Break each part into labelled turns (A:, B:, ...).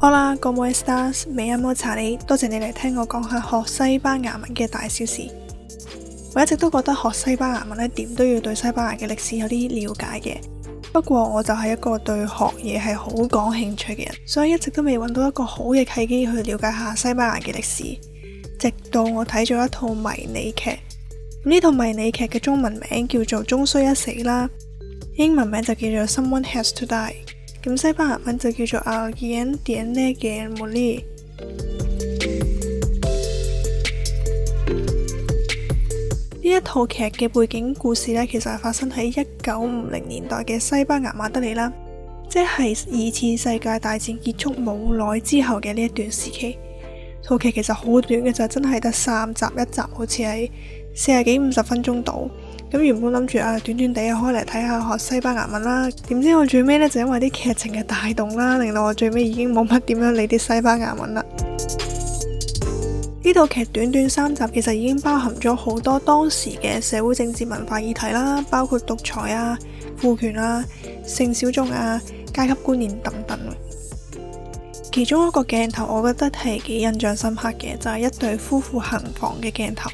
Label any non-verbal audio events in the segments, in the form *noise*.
A: 好啦，各位 stars，Me llamo 查極，多謝你嚟聽我講下學西班牙文嘅大小事。我一直都覺得學西班牙文呢，點都要對西班牙嘅歷史有啲了解嘅。不過我就係一個對學嘢係好講興趣嘅人，所以一直都未揾到一個好嘅契機去了解下西班牙嘅歷史。直到我睇咗一套迷你劇，呢套迷你劇嘅中文名叫做《終須一死》啦，英文名就叫做《Someone Has to Die》。咁西班牙文就叫做《Alguien tiene que morir》。呢一套劇嘅背景故事呢，其實係發生喺一九五零年代嘅西班牙馬德里啦，即係二次世界大戰結束冇耐之後嘅呢一段時期。套劇其實好短嘅，就真係得三集，一集好似係四十幾五十分鐘到。咁原本諗住啊，短短地啊開嚟睇下學西班牙文啦，點知我最尾呢，就因為啲劇情嘅帶動啦，令到我最尾已經冇乜點樣理啲西班牙文啦。呢套 *noise* 劇短短三集，其實已經包含咗好多當時嘅社會政治文化議題啦，包括獨裁啊、父權啊、性小眾啊、階級觀念等等。其中一個鏡頭，我覺得係幾印象深刻嘅，就係、是、一對夫婦行房嘅鏡頭。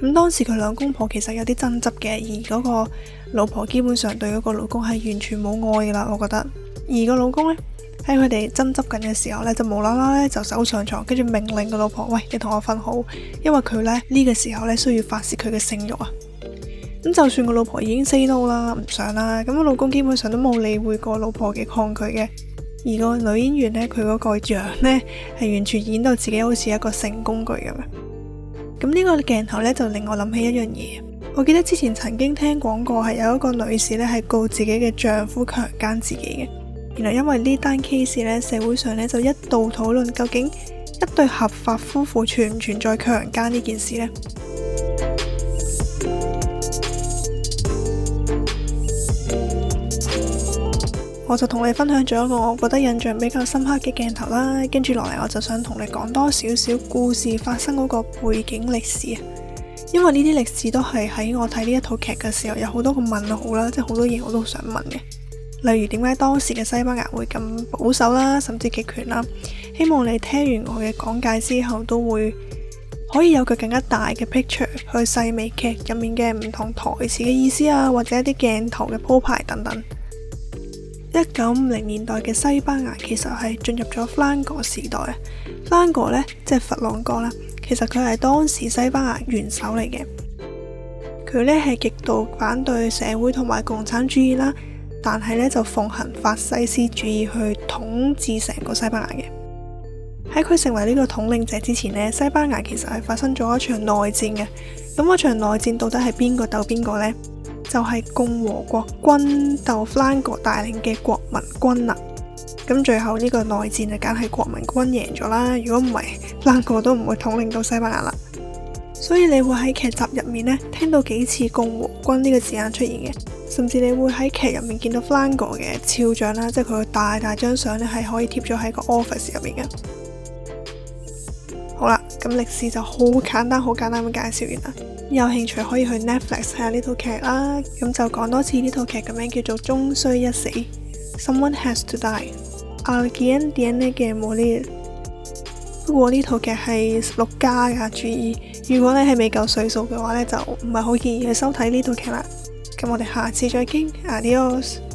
A: 咁當時佢兩公婆其實有啲爭執嘅，而嗰個老婆基本上對嗰個老公係完全冇愛噶啦，我覺得。而個老公呢，喺佢哋爭執緊嘅時候呢，就無啦啦呢就走上床，跟住命令個老婆，喂，你同我瞓，好因為佢呢，呢，呢個時候呢，需要發洩佢嘅性慾啊。咁就算個老婆已經 say no 啦，唔想啦，咁個老公基本上都冇理會過老婆嘅抗拒嘅。而個女演員呢，佢嗰個樣呢，係完全演到自己好似一個性工具咁樣。咁呢個鏡頭咧，就令我諗起一樣嘢。我記得之前曾經聽講過，係有一個女士咧，係告自己嘅丈夫強姦自己嘅。原來因為呢單 case 咧，社會上咧就一度討論究竟一對合法夫婦存唔存在強姦呢件事呢。我就同你分享咗一個我覺得印象比較深刻嘅鏡頭啦，跟住落嚟我就想同你講多少少故事發生嗰個背景歷史，因為呢啲歷史都係喺我睇呢一套劇嘅時候，有好多個問號啦，即係好多嘢我都想問嘅，例如點解當時嘅西班牙會咁保守啦，甚至極權啦。希望你聽完我嘅講解之後，都會可以有個更加大嘅 picture 去細味劇入面嘅唔同台詞嘅意思啊，或者一啲鏡頭嘅鋪排等等。一九五零年代嘅西班牙其實係進入咗弗朗哥時代啊，弗朗哥呢，即係佛朗哥啦，其實佢係當時西班牙元首嚟嘅。佢呢，係極度反對社會同埋共產主義啦，但係呢就奉行法西斯主義去統治成個西班牙嘅。喺佢成為呢個統領者之前呢，西班牙其實係發生咗一場內戰嘅，咁嗰場內戰到底係邊個鬥邊個呢？就係共和國軍鬥 Franco 帶領嘅國民軍啦，咁最後呢個內戰就梗係國民軍贏咗啦。如果唔係，Franco 都唔會統領到西班牙啦。所以你會喺劇集入面咧聽到幾次共和軍呢個字眼出現嘅，甚至你會喺劇入面見到 Franco 嘅肖像啦，即係佢大大張相咧係可以貼咗喺個 office 入面嘅。好啦，咁歷史就好簡單，好簡單咁介紹完啦。有興趣可以去 Netflix 睇下呢套劇啦。咁就講多次呢套劇嘅名叫做《終須一死》，Someone has to die、Alguien tiene que morir。不過呢套劇係十六加嘅，注意，如果你係未夠歲數嘅話呢，就唔係好建議去收睇呢套劇啦。咁我哋下次再傾，Adios。Ad